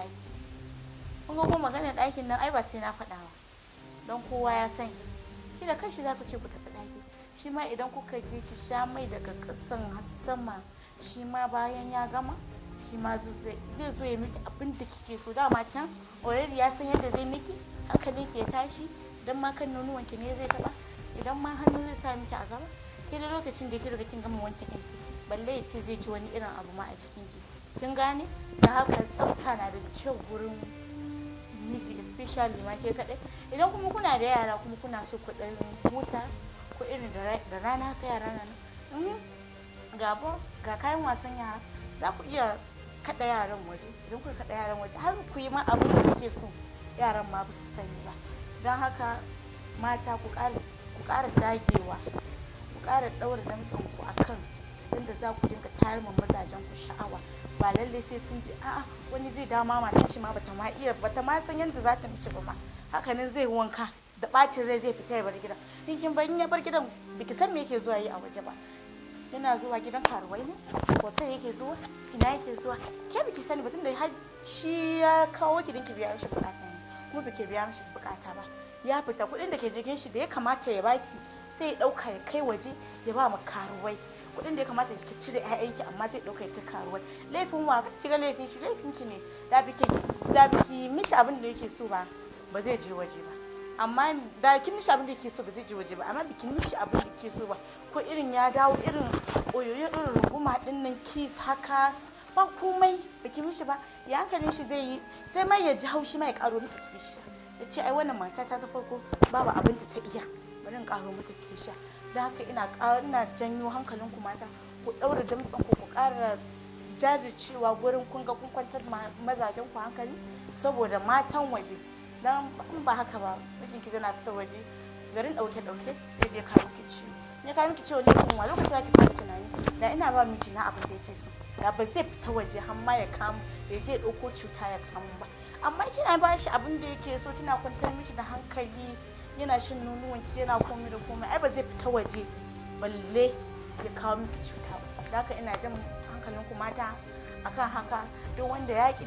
ɗaki kun ga ko maganar ɗakin nan ai ba sai na faɗa ba don kowa ya sani ki da kanshi za ku ce ku tafi ɗaki shi ma idan kuka je ki sha mai daga ƙasan sama shi ma bayan ya gama shi ma zai zo ya miki abin da kike so dama can already ya san yadda zai miki hankalin ki ya tashi idan ma kan nonuwan ki ne zai taba idan ma hannu zai sa miki a gaba ke da lokacin da ki riga kin gama wanke kanki balle ya ce zai ci wani irin abu ma a cikin ki kin gane da haka tsafta na da kyau gurin miji especially ma ke kaɗai idan kuma kuna da yara kuma kuna so ku dan huta ko irin da rana ka yara na mm ga ga kayan wasan yara za ku iya kaɗa yaran waje idan kuka kaɗa yaran waje har ku yi ma abin da kuke so yaran ma ba su sani ba don haka mata ku ƙara dagewa ku ƙara ɗaura damtsanku akan yadda za ku dinga tayar mu mazajen ku sha'awa ba lalle sai sun ji a'a wani zai dama mata shi ma bata ma iya bata ma san yadda za ta mishi ba ma hakanan zai wanka da bacin rai zai fita ya bar gidan in kin in ya bar gidan biki san me yake zuwa yi a waje ba yana zuwa gidan karuwai ne hotel yake zuwa ina yake zuwa ke biki sani batun da har shi ya kawo ki dinki biya mishi bukata ne kuma biki biya mishi bukata ba ya fita kudin da ke jikin shi da ya kamata ya baki sai ya dauka ya kai waje ya ba mu karuwai kuɗin da ya kamata ki cire ƴaƴanki amma zai ɗauka ta karuwa laifin wa ki ga laifin shi laifin ki ne da biki da biki mishi abin da yake so ba ba zai je waje ba amma da kin mishi abin da yake so ba zai je waje ba amma bikin mishi abin da yake so ba ko irin ya dawo irin oyoyo din runguma din nan kiss haka ba komai biki mishi ba ya hankalin shi zai yi sai mai ya ji haushi mai karo miki kishi ya ce ai wannan mata ta ta farko babu abin da ta iya bari in ƙaro mata ke sha da haka ina ina janyo hankalin ku mata ku ɗaura damtsan ku ku ƙara jajircewa gurin kun ga kun kwantar mazajen ku hankali saboda matan waje dan in ba haka ba mijinki zana fita waje garin ɗauke ɗauke zai je kawo ki ciwo ya kawo miki ciwo ne wa lokacin da ki fara tunani da ina ba miji na abin da yake so da ba zai fita waje har ma ya kamu ya je ɗauko cuta ya kamu ba amma kina ba shi abin da yake so kina kwantar miki da hankali yana shan wanki yana komai da komai ai ba zai fita waje balle ya kawo miki cuta ba haka ina jan hankalinku mata akan haka duk wanda ya